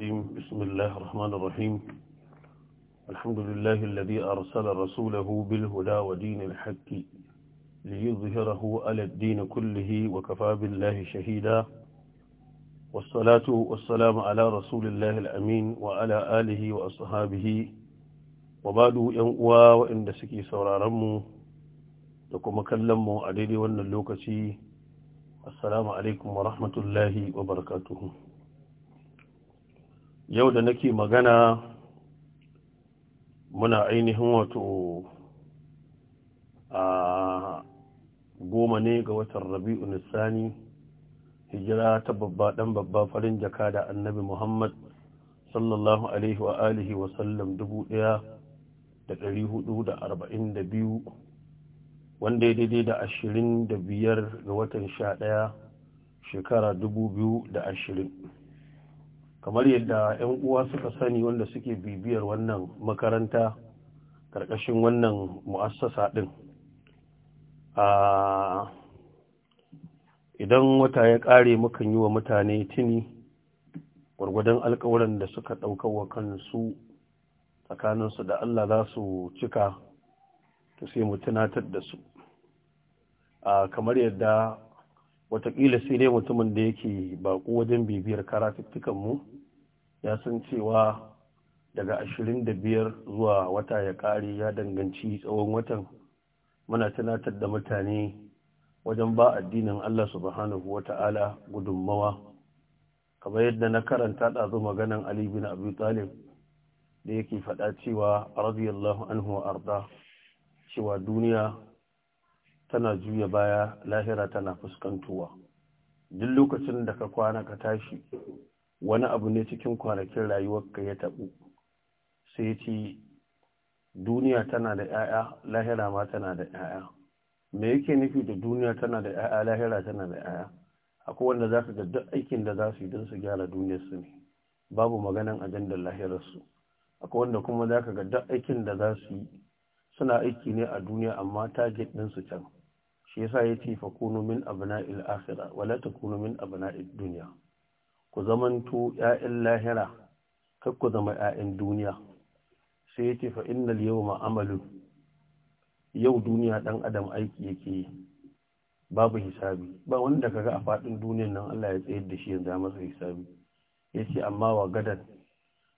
بسم الله الرحمن الرحيم الحمد لله الذي أرسل رسوله بالهدى ودين الحق ليظهره على الدين كله وكفى بالله شهيدا والصلاة والسلام على رسول الله الأمين وعلى آله وأصحابه وبعد ينقوى وإن دسكي سورارمو لكم كلمو عديد ون اللوكسي السلام عليكم ورحمة الله وبركاته yau da nake magana muna ainihin wato a goma ne ga watan rabi'u nisani hijira ta babba dan babba farin jaka da annabi muhammad sallallahu alaihi wa alihi wa sallam dubu daya da dari hudu da arba'in da biyu wanda ya daidai da ashirin da biyar ga watan sha daya shekara dubu biyu da ashirin kamar yadda 'yan uwa suka sani wanda suke bibiyar wannan makaranta ƙarƙashin wannan mu'assasa ɗin idan wata ya ƙare mukan yi wa mutane tuni gwargwadon alkawuran da suka wa kansu tsakaninsu da Allah za su cika to sai mu tunatar da su kamar yadda Wataƙila sai dai mutumin da yake baƙo wajen bibiyar mu ya san cewa daga ashirin da biyar zuwa wata ya ƙare ya danganci tsawon watan muna tunatar da mutane wajen ba addinin Allah subhanahu wa gudunmawa kamar yadda na karanta ɗazu maganan Ali bin Abi Talib da yake faɗa cewa radiyallahu anhu wa arda cewa duniya tana juya baya lahira tana fuskantowa duk lokacin da ka kwana ka tashi wani abu ne cikin kwanakin rayuwarka ya taɓu sai ce duniya tana da 'ya'ya lahira ma tana da 'ya'ya me yake nufi da duniya tana da 'ya'ya lahira tana da 'ya'ya akwai wanda za ka ga duk aikin da za su yi don su gyara duniyarsu ne babu maganan ajandar lahirarsu akwai wanda kuma za ka ga duk aikin da za su yi suna aiki ne a duniya amma target ɗinsu can shi yasa ya ce fakunu min abna'il akhira wala takunu min abna'id dunya ku zamanto ya'yan lahira kar ku zama ya'yan duniya sai ya ce fa innal yawma amalu yau duniya dan adam aiki yake babu hisabi ba wanda kaga a fadin duniyar nan Allah ya tsayar da shi yanzu masa hisabi yace amma wa gadan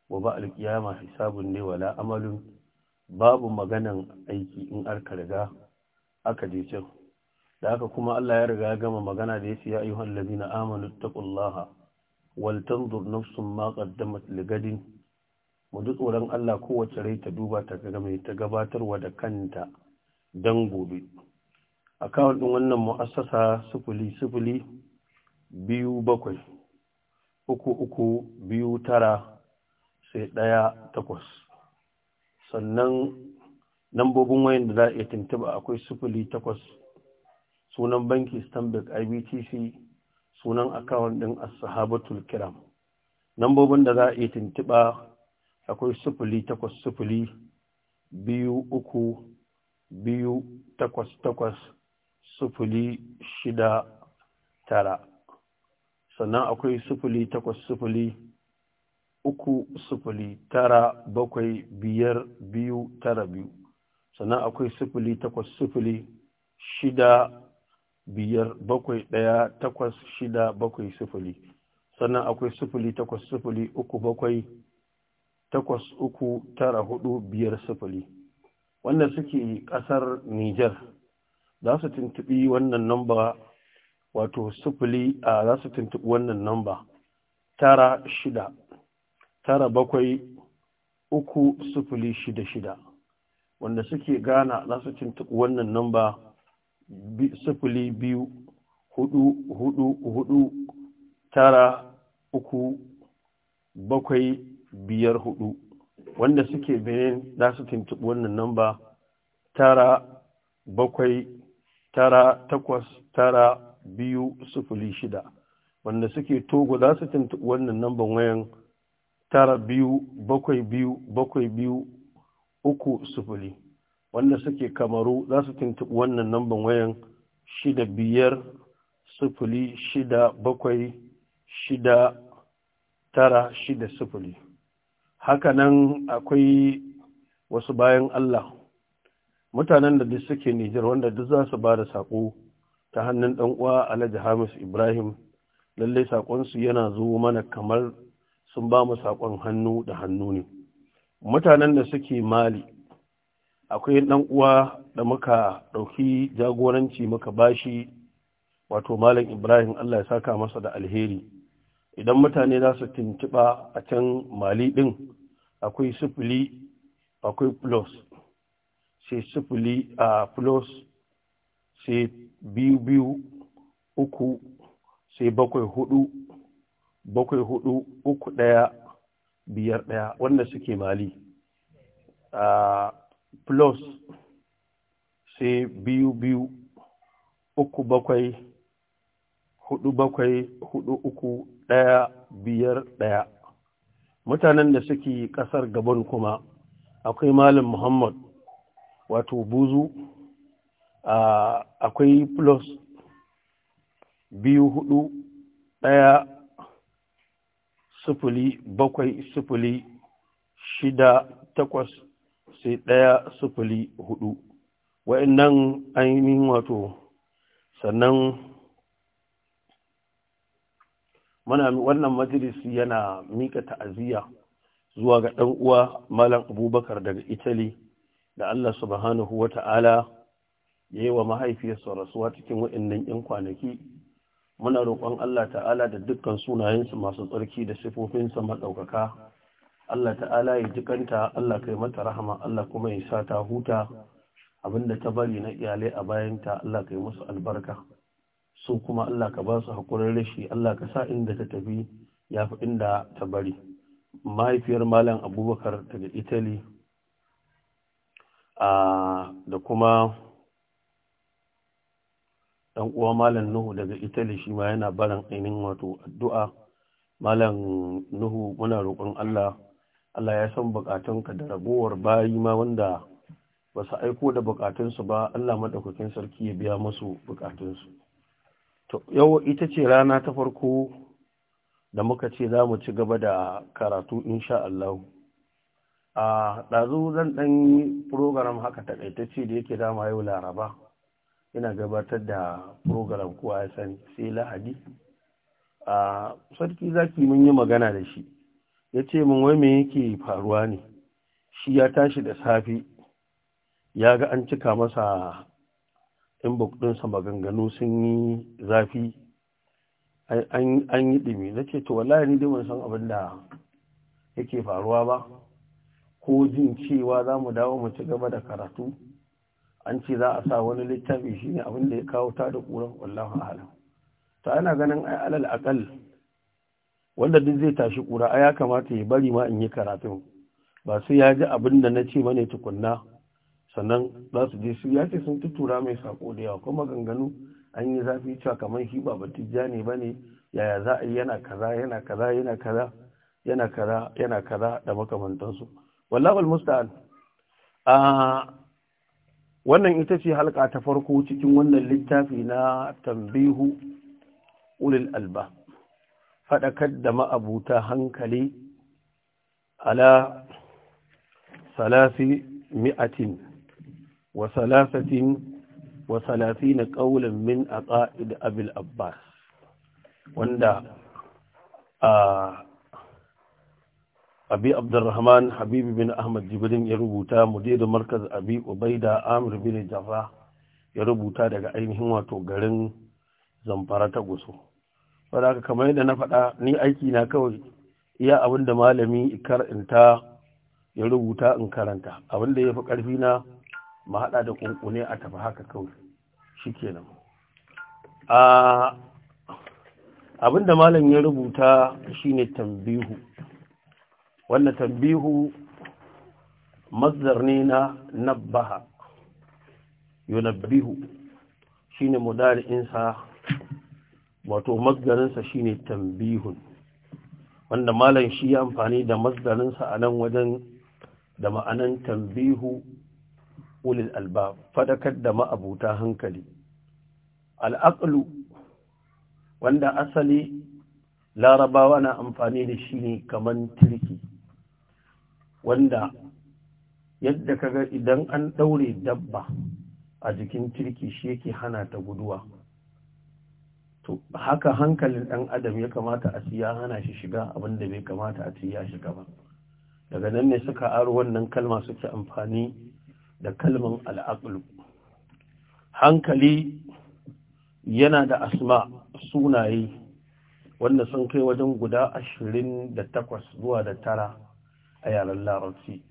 wa ba alkiyama hisabun ne wala amalun babu maganan aiki in arka riga aka je can da haka kuma Allah ya riga ya gama magana da yace ya ayyuhal ladina amanu taqullaha wal tanzur nafsum ma qaddamat ligadin mu ji tsoron Allah kowace rai ta duba ta ga mai ta gabatarwa da kanta dan gobe akawun din wannan mu'assasa sufuli sufuli biyu bakwai uku uku biyu tara sai ɗaya takwas sannan lambobin wayan da za a iya tuntuba akwai sufuli takwas sunan banki stanbic ibtc sunan akawun ɗin ashabatul kiram nambobin da za a iya tuntuɓa akwai sufuli takwas sufuli biyu uku biyu takwas takwas sufuli shida tara sannan akwai sufuli takwas sufuli uku sufuli tara bakwai biyar biyu tara biyu sannan akwai sufuli takwas sufuli shida biyar bakwai ɗaya takwas shida bakwai sifili sannan akwai sifili takwas sifili uku bakwai takwas uku tara hudu biyar sifili wanda suke ƙasar Nijar za su tuntuɓi wannan namba wato sifili a za su tuntuɓi wannan namba tara shida tara bakwai uku sifili shida shida wanda suke gana za su tuntuɓi wannan namba sifili biyu hudu hudu hudu tara uku bakwai biyar hudu wanda suke benin za su tuntuɓi wannan namba tara bakwai tara takwas tara biyu sifili shida wanda suke togo za su tuntuɓi wannan namba wayan tara biyu bakwai biyu bakwai biyu uku sifili. wanda suke kamaru za su tuntuɓi wannan namban wayan shida biyar sufuli shida bakwai shida tara shida sufuli hakanan akwai wasu bayan Allah mutanen da duk suke Nijar wanda duk za su ba da saƙo ta hannun ɗan uwa Alhaji Hamis Ibrahim lallai saƙonsu yana zo mana kamar sun ba mu saƙon hannu da hannu ne mutanen da suke Mali akwai ɗan uwa da muka ɗauki jagoranci muka bashi wato malam ibrahim allah ya saka masa da alheri idan mutane za su tuntuɓa a can mali ɗin akwai sifili akwai plus sai sifili a plus sai biyu biyu uku sai bakwai hudu bakwai hudu uku ɗaya biyar ɗaya wanda suke mali ah, plus sai biyu biyu uku bakwai hudu bakwai hudu uku ɗaya biyar ɗaya mutanen da suke kasar gabon kuma akwai malam muhammad wato buzu akwai plus biyu hudu ɗaya sufuli bakwai sufuli shida takwas sai ɗaya sufuli hudu wa'annan ainihin wato sannan mana wannan majalisi yana mika ta'aziyya zuwa ga ɗan uwa malam abubakar daga italy da allah subhanahu wa ta'ala ya yi wa mahaifiyarsa rasuwa cikin wa'annan 'yan kwanaki muna roƙon allah ta'ala da dukkan sunayensu masu tsarki da sifofinsa maɗaukaka Allah ta'ala ya jikanta Allah kai mata rahama Allah kuma ya sa ta huta abinda ta bari na iyalai a bayanta Allah kai musu albarka su kuma Allah ka ba su hakurin rashi Allah ka sa inda ta tafi ya fi inda ta bari mahaifiyar malam abubakar daga italy da kuma ɗan uwa malam nuhu daga italy shi ma yana barin ainihin wato addu'a malam nuhu muna roƙon allah Allah ya san bukatunka da ragowar bayi ma wanda ba su aiko da bukatunsu ba Allah maɗaukakin sarki ya biya musu bukatunsu. To, yau ita ce rana ta farko da muka ce za mu ci gaba da karatu insha Allah. A ɗazu zan ɗan yi program haka takaitacce da yake dama yau laraba, ina gabatar da program kowa ya sani sai lahadi. A sarki zaki mun yi magana da shi. ya ce min wai me yake faruwa ne shi ya tashi da safe ya ga an cika masa inbox ɗinsa maganganu sun yi zafi an yi ɗumi na ce to wallahi ni dai ban san abin da yake faruwa ba ko jin cewa za mu dawo mu ci gaba da karatu an ce za a sa wani littafi shine abin da ya kawo ta da ƙuran wallahu ta ana ganin ai alal aƙal wanda duk zai tashi ƙura a ya kamata ya bari ma in yi karatun ba sai ya ji abin da na ce mane tukunna sannan za su je su ya ce sun tuttura mai sako da yawa kuma ganganu an yi zafi cewa kamar shi ba batijja ne ba ne yaya za a yi yana kaza yana kaza yana kaza yana kaza yana kaza da makamantansu wallahul musta'an a wannan ita ce halka ta farko cikin wannan littafi na tambihu ulil alba faɗakar da ma'abuta hankali ala salasi mi'atin wa salasatin wa na ƙaunin min a ƙa'id abil abbas wanda a abi abdurrahman habibu bin ahmad jibrin ya rubuta da markaz abi ubaida amir bin jafa ya rubuta daga ainihin wato garin zamfara ta guso wadda kamar yadda na faɗa ni aiki na kawai iya abin da malami karanta ya rubuta in karanta abin da ya fi ƙarfi na ma haɗa da ƙunƙune a tafi haka kawai shi kenan abin da malam ya rubuta shi ne tambihu wanda tambihu mazdar ne na nabbaha yunabbihu shine insa. wato masdarinsa shine tambihun wanda malam shi ya amfani da masdarinsa a nan wajen da ma'anan tambihu ulil alba fadakar da ma'abuta hankali al'aqlu wanda asali larabawa na amfani da shi ne kaman turki wanda yadda kaga idan an ɗaure dabba a jikin turki shi yake hana ta guduwa to haka hankalin ɗan adam ya kamata a ci ya hana shi shiga abin da bai kamata a ci ya shiga ba daga nan ne suka aro wannan kalma suke amfani da kalman al'aqlu hankali yana da asma sunaye wanda sun kai wajen guda ashirin da takwas zuwa da tara a yaren larabci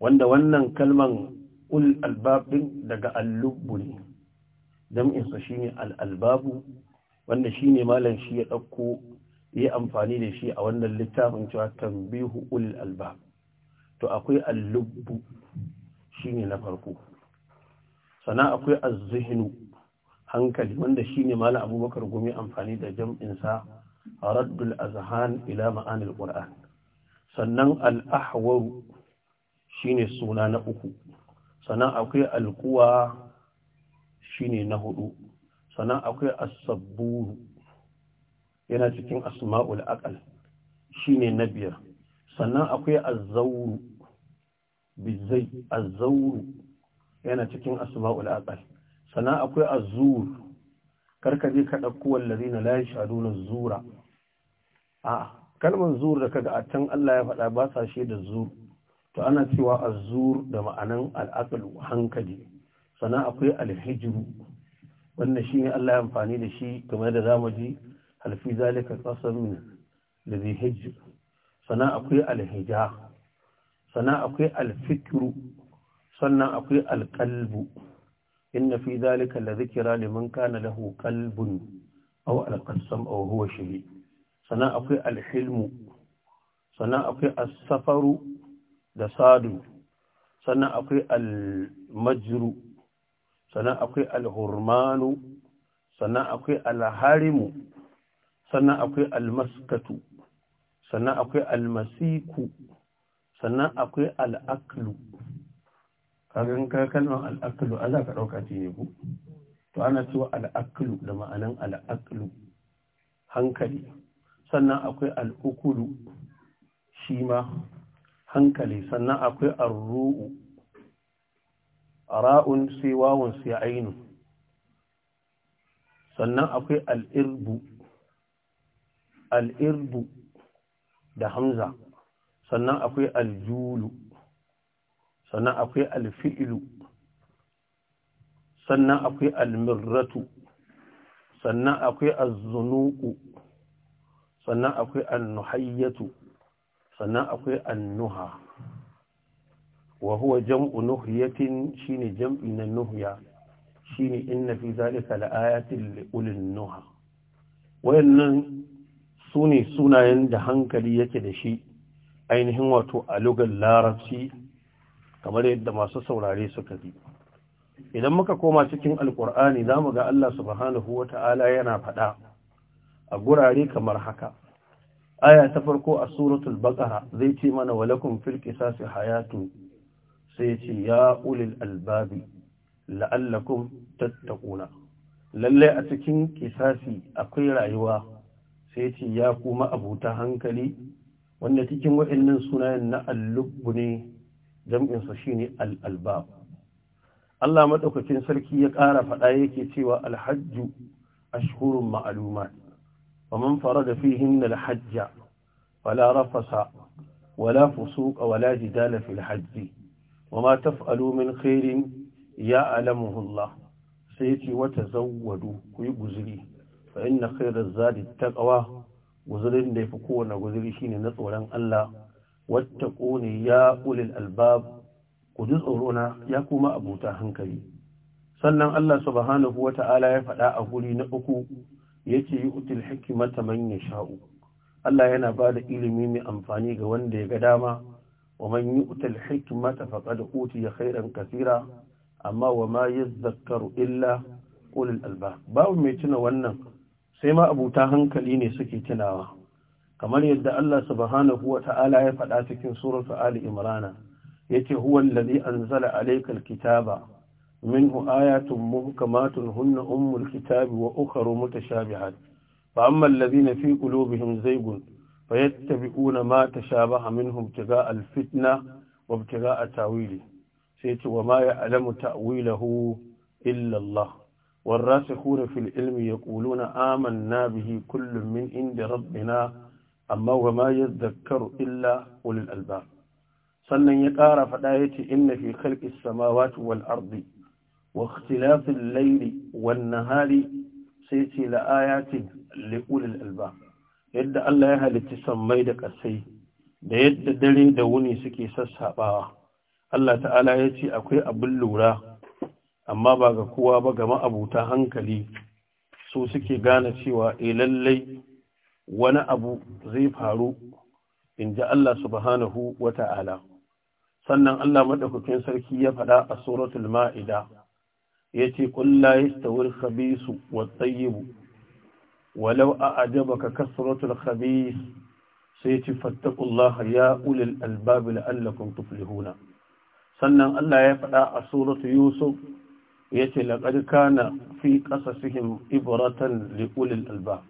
wanda wannan kalman ul albabin daga al-lubbu ne jam'insa shine al albabu wanda shi ne malam shi ya ɗauko ya amfani da shi a wannan littafin cewa tambihu ulil albab to akwai allubbu shi ne na farko sana akwai azzihinu hankali wanda shi ne malam abubakar gumi amfani da jam'insa a raddul azhan ila ma'anil qur'an sannan al'ahwaru shi ne suna na uku sannan akwai alkuwa shi ne na hudu sannan akwai asabburu yana cikin asma'ul aqal shine na biyar sannan akwai azzauru bizai azzauru yana cikin asma'ul aqal sannan akwai azzur karka je ka dauko wallazina la yashaduna zura a kalmar zur da kaga a can Allah ya faɗa ba sa shi da zur to ana cewa azzur da ma'anan al'aqal hankali sannan akwai alhijru wannan shi ne Allah ya amfani da shi kamar da za mu ji halfi zalika qasamin ladhi hajj sana akwai alhija sana akwai alfikru sannan akwai alqalbu inna fi zalika la dhikra liman kana lahu qalbun aw alqasam aw huwa shahid sana akwai alhilmu sana akwai as-safaru da sadu Sana akwai al-majru sannan akwai alhurmanu sannan akwai alharimu sannan akwai almaskatu sannan akwai almasiku sannan akwai al'aklu kagan kalmar al'aklu an za ka ɗauka ce ne ku to ana cewa al'aklu da ma'anan al'aklu hankali sannan akwai al'ukulu shi ma hankali sannan akwai arru'u ra'un sai wawun sai ainun sannan akwai al'irbu al'irbu da hamza sannan akwai aljulu sannan akwai alfi'ilu sannan akwai almirratu sannan akwai azunuku. sannan akwai annuhayyatu sannan akwai annuha wa huwa jam'u nuhyatin shine jam'i na nuhya shine inna fi zalika laayatin li ulil nuha wayannan sune sunayen da hankali yake da shi ainihin wato a larabci kamar yadda masu saurare suka ji idan muka koma cikin alkur'ani za mu ga Allah subhanahu wa ta'ala yana faɗa a gurare kamar haka aya ta farko a suratul baqara zai ce mana walakum fil qisasi hayatun sai ya ce ya ulil albabi la'allakum tattaquna lalle a cikin kisasi akwai rayuwa sai ce ya kuma abuta hankali wanda cikin wa'annan sunayen na allubu ne jam'in sa shine al-albab Allah maɗaukacin sarki ya ƙara faɗa yake cewa alhajju ashhurun ma'lumat ومن da فيهن الحج فلا rafasa wala فسوق wala جدال في الحج wa ma taf'alu min ya ya'lamuhu hulla sai yace wa tazawwadu ku yi guzuri fa inna khairaz zadi taqwa guzurin da yafi kowane guzuri shine na tsoron Allah wattaquni ya ulil albab ku ji tsorona ya kuma abuta hankali sannan Allah subhanahu wata'ala ya faɗa a guri na uku yace yu'til hikmata manyan sha'u. Allah yana ba da ilimi mai amfani ga wanda ya ga dama ومن يؤت الحكمة فقد أوتي خيرا كثيرا أما وما يذكر إلا أولي الألباب باب ميتنا وانا سيما أبو تاهن كليني سكي تناوى كما يدى الله سبحانه وتعالى يفعل سورة آل إمرانا يتي هو الذي أنزل عليك الكتاب منه آيات محكمات هن أم الكتاب وأخر متشابهات فأما الذين في قلوبهم زيغ fayattabi'una ma tashabaha minhum tiga alfitna wa ibtiga atawili sai ce wa ma ya'lamu ta'wilahu illa Allah ya في na يقولون آمنا kullum كل من عند ربنا أما وما يذكر illa أولي alba sannan ya ƙara faɗa ya ce inna fi khalqis samawati wal ardi wa ikhtilafil layli wan nahari sai ce la ayatin li ulil alba. yadda Allah ya halitti sammai da ƙasai da yadda dare da wuni suke sassaɓawa Allah ta'ala ya ce akwai abin lura amma ba ga kowa ba ga ma'abuta hankali su suke gane cewa e lallai wani abu zai faru in ji Allah subhanahu wa ta'ala sannan Allah maɗaukakin sarki ya faɗa a suratul ma'ida ya ce ƙulla ya stawar khabisu wa tsayibu walau a ajabaka kasratul khabith sai ci fattakullah ya ulil albabi la'allakum tuflihuna sannan Allah ya faɗa a suratu Yusuf yace laqad kana fi qasasihim ibratan li ulil albab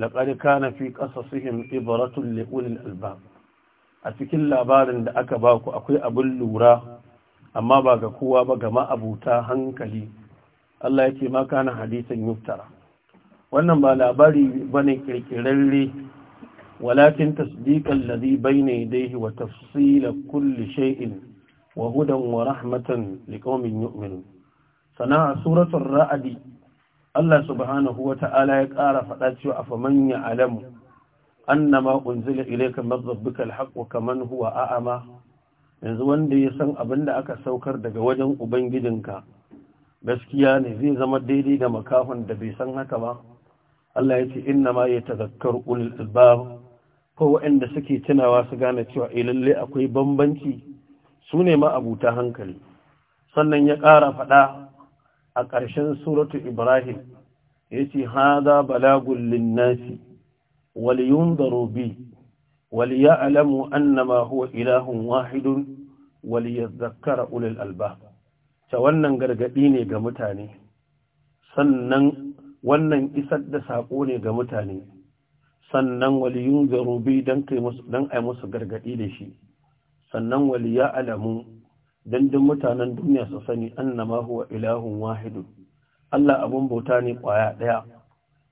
laqad kana fi qasasihim ibratun li ulil albab a cikin labarin da aka baku akwai abin lura amma ba ga kowa ba ga ma'abuta hankali Allah yake ma kana hadisan yuftara wannan ba labari ba bane kirkirarri walakin lazi bai ne daihi wa tafsila kulle sha'in. wa hudan wa rahmatan liqaumin yu'minun sana'a suratun ra'adi. Allah subhanahu wa ta'ala ya ƙara faɗa cewa afaman ya'lamu annama unzila ilayka min rabbika alhaq alhaƙo kaman huwa a'ama yanzu wanda ya san abin da aka saukar daga wajen ubangijinka gaskiya ne zai zama daidai da makahon da bai san haka ba Allah ya ce inna ma ya tazakkar ulil albab ko waɗanda suke tunawa su gane cewa eh akwai bambanci su ne ma abuta hankali sannan ya ƙara faɗa a ƙarshen suratu Ibrahim ya ce hada balagun linnasi wal yunzaru bi wal alamu annama huwa ilahun wahidun wal zakkara ulil albab ta wannan gargadi ne ga mutane sannan wannan isar da saƙo ne ga mutane sannan waliyun zaro bi don ai musu gargaɗi da shi sannan waliya alamu don duk mutanen duniya su sani annama wa ilahun wahidu Allah abun bauta ne ƙwaya ɗaya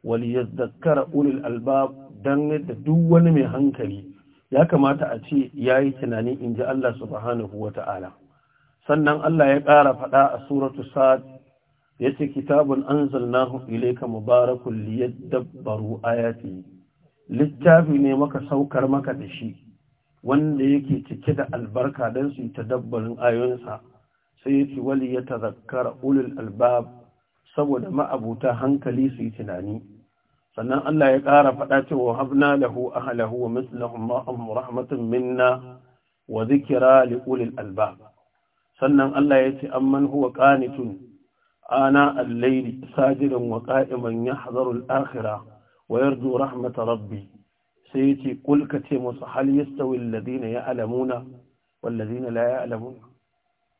waliyar zakkara ulil albab don yadda duk wani mai hankali ya kamata a ce ya yi tunani in ji Allah subhanahu wa ta'ala sannan Allah ya ƙara faɗa a suratu sa'ad Ya ce kitabun anzalnahu ilayka mubarakun liyadabbaru ayati littafi ne maka saukar maka da shi wanda yake cike da albarka dan su dabbarin ayoyinsa sai yace wali zakkar ulul albab saboda ma'abuta hankali su yi tunani sannan Allah ya ƙara faɗa cewa habna lahu ahlahu wa mislahum ma'ahum rahmatan minna wa zikra li ulil albab sannan Allah ya ce amman huwa qanitun آناء الليل ساجدا وقائما يحذر الآخرة ويرجو رحمة ربي سيتي قل كتمس هل يستوي الذين يعلمون والذين لا يعلمون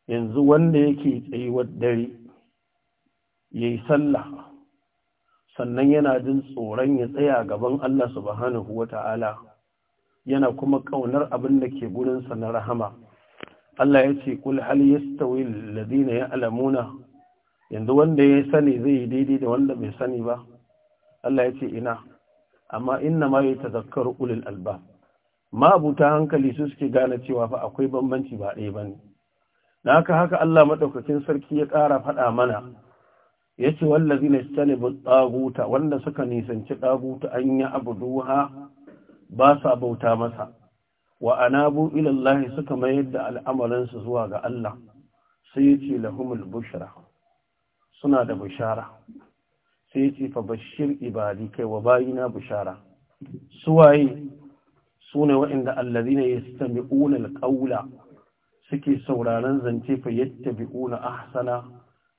ينزو وليكي أيوة الدري يسلح sannan yana jin tsoron ya tsaya gaban Allah subhanahu wa ta'ala yana kuma ƙaunar abin da ke gurinsa na rahama. Allah ya ce, Kul hal yastawi ladina ya alamuna yanzu wanda ya sani zai yi daidai da wanda bai sani ba Allah ya ce ina amma inna ma yi tazakkar ulil alba ma abuta hankali su suke gane cewa fa akwai bambanci ba ɗaya ba ne na haka haka Allah maɗaukakin sarki ya ƙara faɗa mana ya ce wallazi na bu ɗaguta wanda suka nisanci ɗaguta an yi abu duha ba sa bauta masa wa anabu ilallahi suka mayar da su zuwa ga Allah sai ya ce lahumul bushra suna da bishara sai ce fa bashir ibadi kai wa bayina bishara suwaye su ne waɗanda allazina yastami'una alqawla suke sauraron zance fa yattabi'una ahsana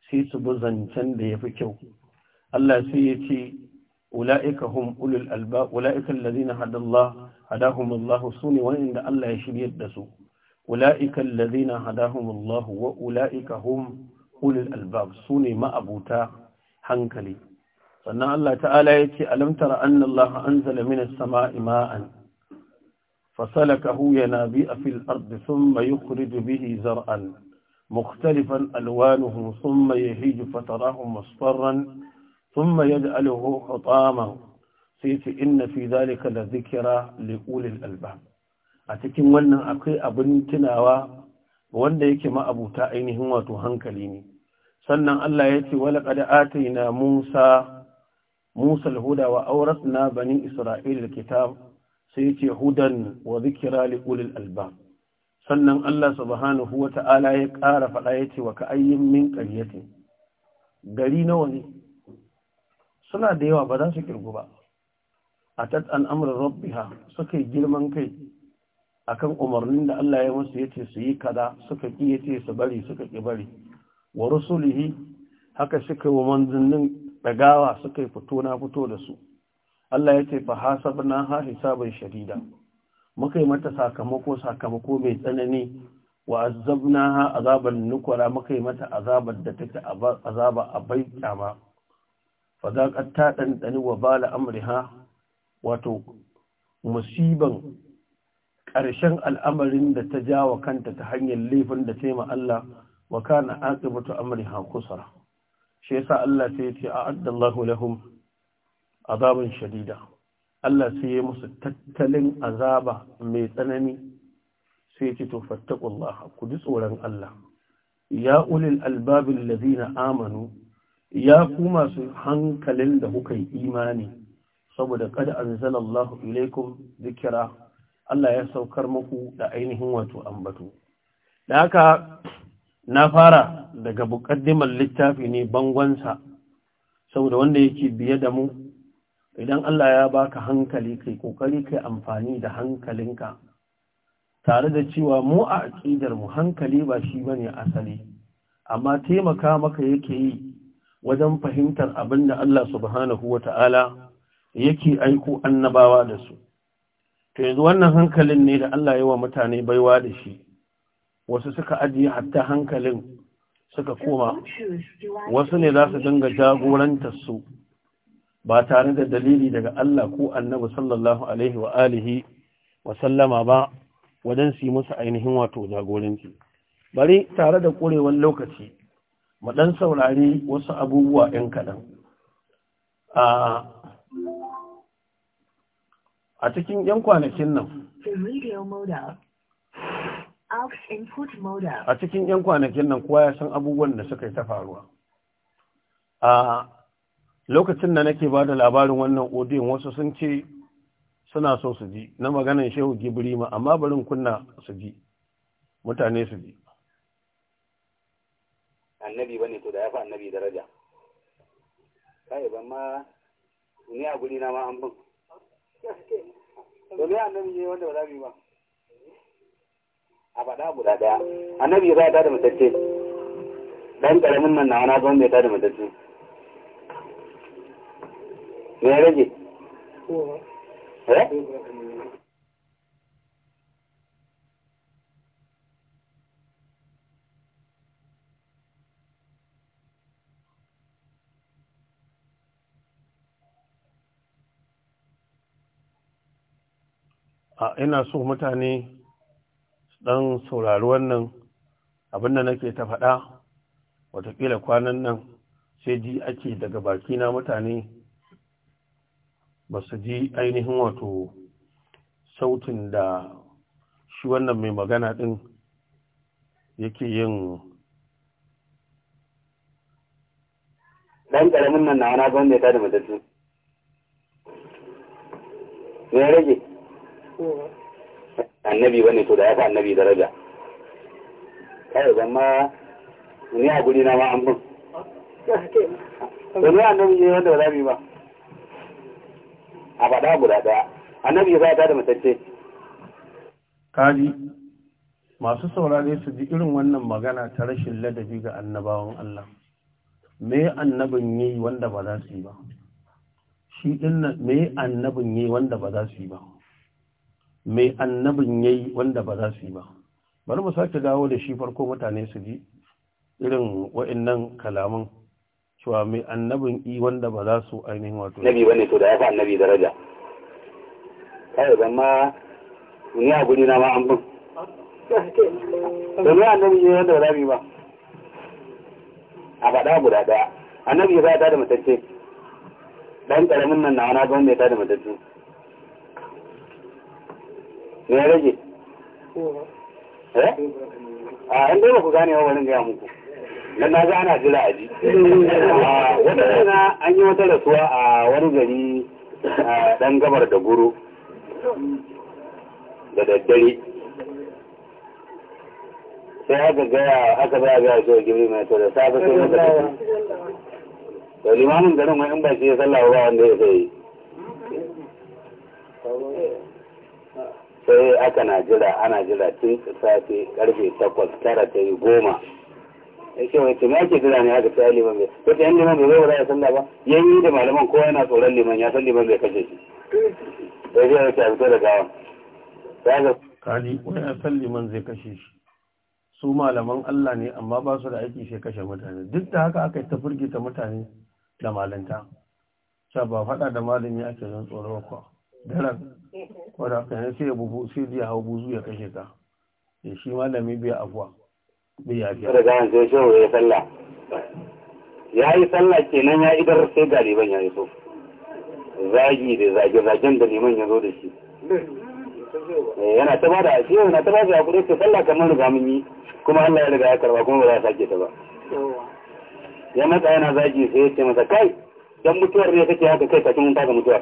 sai su bi zancen da yafi kyau Allah sai ya ce ula'ika hum ulul alba ula'ika allazina hadallah hadahum Allah sune waɗanda Allah ya shiryar da su ula'ika allazina hadahum Allah wa ula'ika hum ulil albab sune ne ma'abuta hankali sannan Allah ta'ala ya alam tara anna Allah anzala minas sama'i ma'an fasalakahu yanabi'a fil ard thumma yukhriju bihi zar'an mukhtalifan مختلفا ألوانه ثم يهيج فتراه مصفرا ثم يجعله حطاما سيت إن في ذلك لذكرى albab a cikin wannan akwai أبن tunawa wanda yake ma'abuta ainihin wato hankali ne sannan Allah ya ce wala qad atayna Musa Musa al-huda wa awrasna bani Isra'il al-kitab sai yace hudan wa dhikra li ulil albab sannan Allah subhanahu wa ta'ala ya ƙara faɗa yace wa ka'ayyin min qaryatin gari nawa ne suna da yawa ba za su kirgu ba a tat amrin rabbiha suka girman kai akan umarnin da Allah ya musu yace su yi kaza suka ki yace su bari suka ki bari wa rusulihi haka suka wa manzannin dagawa suka yi fito na fito da su Allah yace fa hasabna ha hisaban shadida muka yi mata sakamako sakamako mai tsanani wa azabna ha azaban nukura muka yi mata azabar da take azaba a bai kyama fa zaqat ta dani wa bala amriha wato musiban ƙarshen al'amarin da ta ja wa kanta ta hanyar laifin da ta yi Allah wa kana aqibatu amriha kusara shi yasa Allah sai ya ce a'adda Allahu lahum azaban shadida Allah sai ya musu tattalin azaba mai tsanani sai ya ce to ku ji tsoron Allah ya ulil albabin lazina amanu ya ku masu hankalin da kuka yi imani saboda kada anzalallahu ilaikum zikira'. Allah ya saukar muku da ainihin wato ambatu. Da haka na fara daga buƙaddimar littafi ne bangonsa, saboda wanda yake biye da mu, idan Allah ya baka hankali kai ƙoƙari kai amfani da hankalinka, tare da cewa mu a aƙidar mu hankali ba shi ba ne asali, amma taimaka maka yake yi wajen fahimtar abin da Allah subhanahu wa yake aiko annabawa da su. to yanzu wannan hankalin ne da Allah ya wa mutane baiwa da shi wasu suka ajiye hatta hankalin suka koma wasu ne za su dinga jagorantar su ba tare da dalili daga Allah ko annabi sallallahu alaihi wa alihi wa sallama ba wajen su yi musu ainihin wato jagoranci bari tare da ƙurewar lokaci mu ɗan saurari wasu abubuwa ‘yan kaɗan a ah, a cikin 'yan kwanakin nan a cikin 'yan kwanakin nan kowa ya san abubuwan da suka yi ta faruwa a lokacin da nake ba da labarin wannan odiyon wasu sun ce suna so su ji na maganin shehu gibrima amma barin kunna su ji mutane su ji annabi bane to da ya fi annabi daraja kai ban ma ni a guri na ma an bin to me annabi yayi wanda ba za mu ba a faɗa guda daya annabi ya ta da matacce dan karamin nan na wani abin mai ta da matacce me ya rage eh a ina so mutane ɗan saurari wannan abin da nake ta faɗa watakila kwanan nan sai ji ake daga baki na mutane ba su ji ainihin wato sautin da shi wannan mai magana ɗin yake yin ɗan ƙaramin nan na wani zan da ta da madadin ya rage annabi bane to da ya fi annabi daraja kai ma ni a guri na ma an bin. wani annabi ne wanda ba za mu yi ba a faɗa guda ɗaya annabi ya zata da matacce kaji masu saurare su ji irin wannan magana ta rashin ladabi ga annabawan Allah me annabin yi wanda ba za su yi ba shi ɗin me annabin yi wanda ba za su yi ba mai annabin yayi wanda ba za su yi ba bari mu sake dawo da shi farko mutane su ji irin wa'annan kalaman cewa mai annabin yi wanda ba za su ainihin wato nabi bane to da ya fa annabi daraja kai ban ma ni a guri na ma an bin domin annabi ne wanda ba za mu yi ba a faɗa guda ɗaya annabi ya ta da mutacce dan karamin nan na wani ga wanda ya ta da ya rage eh? a in dai ku gane wani gaya muku dan na ga ana jira a ji eh, eh, wata rana an yi wata rasuwa a wani gari a dan gabar da guru da daddare sai aka gaya aka ba gaya shi gibri mai to da safe sai muka tafi to limamin garin wani in ba shi ya sallah ba wanda ya sai sai aka na jira ana jira tun safe karfe takwas tara ta yi goma ya ce wai tuma ke jira ne aka tsaya liman bai ko yan liman bai zai ya sallah ba yan yi da malaman kowa yana tsoron liman ya san liman bai kashe shi sai ya ce a fito da gawa kaji wani san liman zai kashe shi su malaman Allah ne amma ba su da aiki sai kashe mutane duk da haka aka yi ta firgita mutane da malanta sha ba faɗa da malami ake zan tsoron kwa daren wadda ka yi sai buhu sai zai hau buzu ya kashe ka ya eh, shi malami bai afuwa bai ya fiye. Daga yanzu ya shehu ya sallah. Ya yi sallah kenan ya idar sai ga liman ya so. Zagi da zage-zagen da liman ya zo da shi. Eh, yana ta ba da shi yana ta ba da hakuri ce sallah kamar riga mun yi kuma Allah ya riga ya karba kuma ba za a sake ta ba. Ya matsa yana zagi sai ya ce masa kai dan mutuwar ne kake haka kai ka kafin ta ga mutuwar.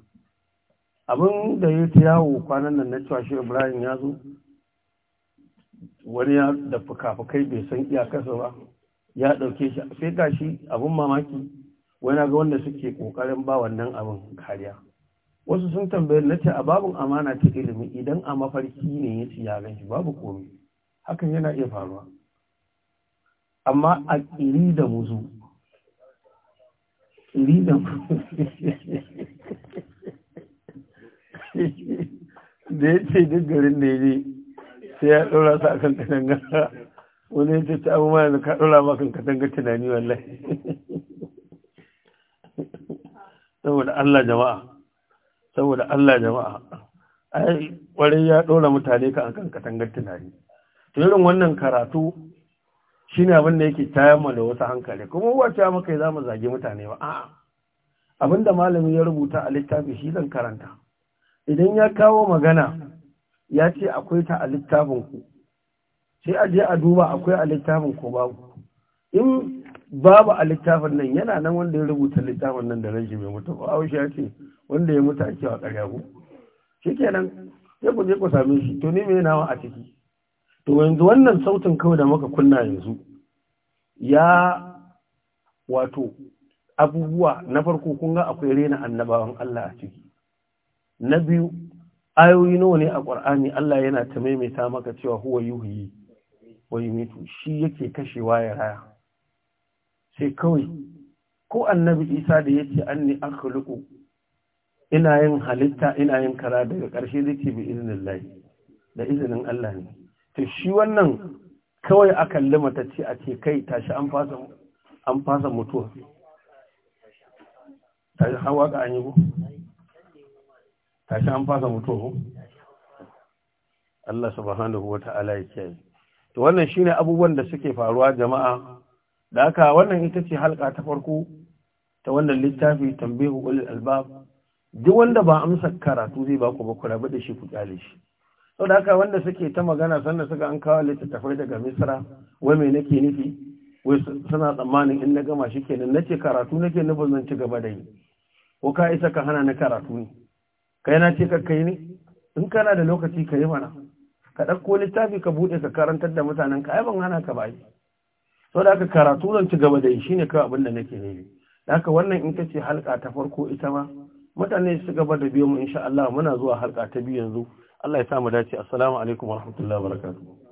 abin da ya ta yawo kwanan nan na cewa shi ibrahim ya zo wani ya da fuka bai san iyakarsa ba ya ɗauke shi sai ga shi abin mamaki wani ga wanda suke ƙoƙarin ba wannan abin kariya wasu sun tambayar na ce a babin amana ta ilimi idan a mafarki ne ya ci yaran shi babu komi hakan yana iya faruwa amma a ƙiri da muzu ƙiri da muzu da ya ce duk garin da ya je sai ya ɗora su akan katanga wani ya ce ta abu ma yanzu ka ɗora ma kan katanga tunani wallahi saboda Allah jama'a saboda Allah jama'a ai kwarai ya ɗora mutane ka kan katangar tunani to irin wannan karatu shi ne abin da yake tayamma da wasu hankali kuma wace maka za mu zage mutane ba a'a abinda malami ya rubuta a littafi shi zan karanta idan ya kawo magana ya ce akwai ta a littafinku sai a je a duba akwai a littafin babu in babu a littafin nan yana nan wanda ya rubuta littafin nan da rashi mai mutu ba haushi ya ce wanda ya mutu ake wa ƙarya ku shi nan ya ku ku same shi to ne mai nawa a ciki to yanzu wannan sautin kawai da muka kunna yanzu ya wato abubuwa na farko kun ga akwai rena annabawan Allah a ciki na biyu ayoyi nawa ne a ƙwar'ani Allah yana ta maimaita maka cewa huwa yuhyi wa yumitu shi yake kashewa ya raya sai kawai ko annabi Isa da yace anni akhluqu ina yin halitta ina yin kara daga ƙarshe zai ce bi iznillahi da izinin Allah ne to shi wannan kawai a kalli mata ce a ce kai tashi an fasa an fasa mutuwa tashi hawa ga an yi kashi an fasa mutuwa Allah subhanahu wa ta'ala ya kiyaye to wannan shine abubuwan da suke faruwa jama'a da aka wannan ita ce halka ta farko ta wannan littafi tambihu ulil albab duk wanda ba amsa karatu zai ba ku ba kula da shi ku kyale shi to da haka wanda suke ta magana sannan suka an kawo littattafai daga Misra wai me nake nufi wai suna tsammanin in na gama shi kenan nace karatu nake nufin zan ci gaba da yi ko ka isa ka hana ni karatu ne kai na ce ka kai ne in kana da lokaci ka yi mana ka ɗauko littafi ka buɗe ka karantar da mutanen ka ai ban hana ka ba yi da aka karatu zan ci gaba da yi shine kawai abin da nake nemi da haka wannan in ka ce halka ta farko ita ma mutane su gaba da biyo mu insha Allah muna zuwa halka ta biyu yanzu Allah ya sa mu dace assalamu alaikum warahmatullahi wabarakatuh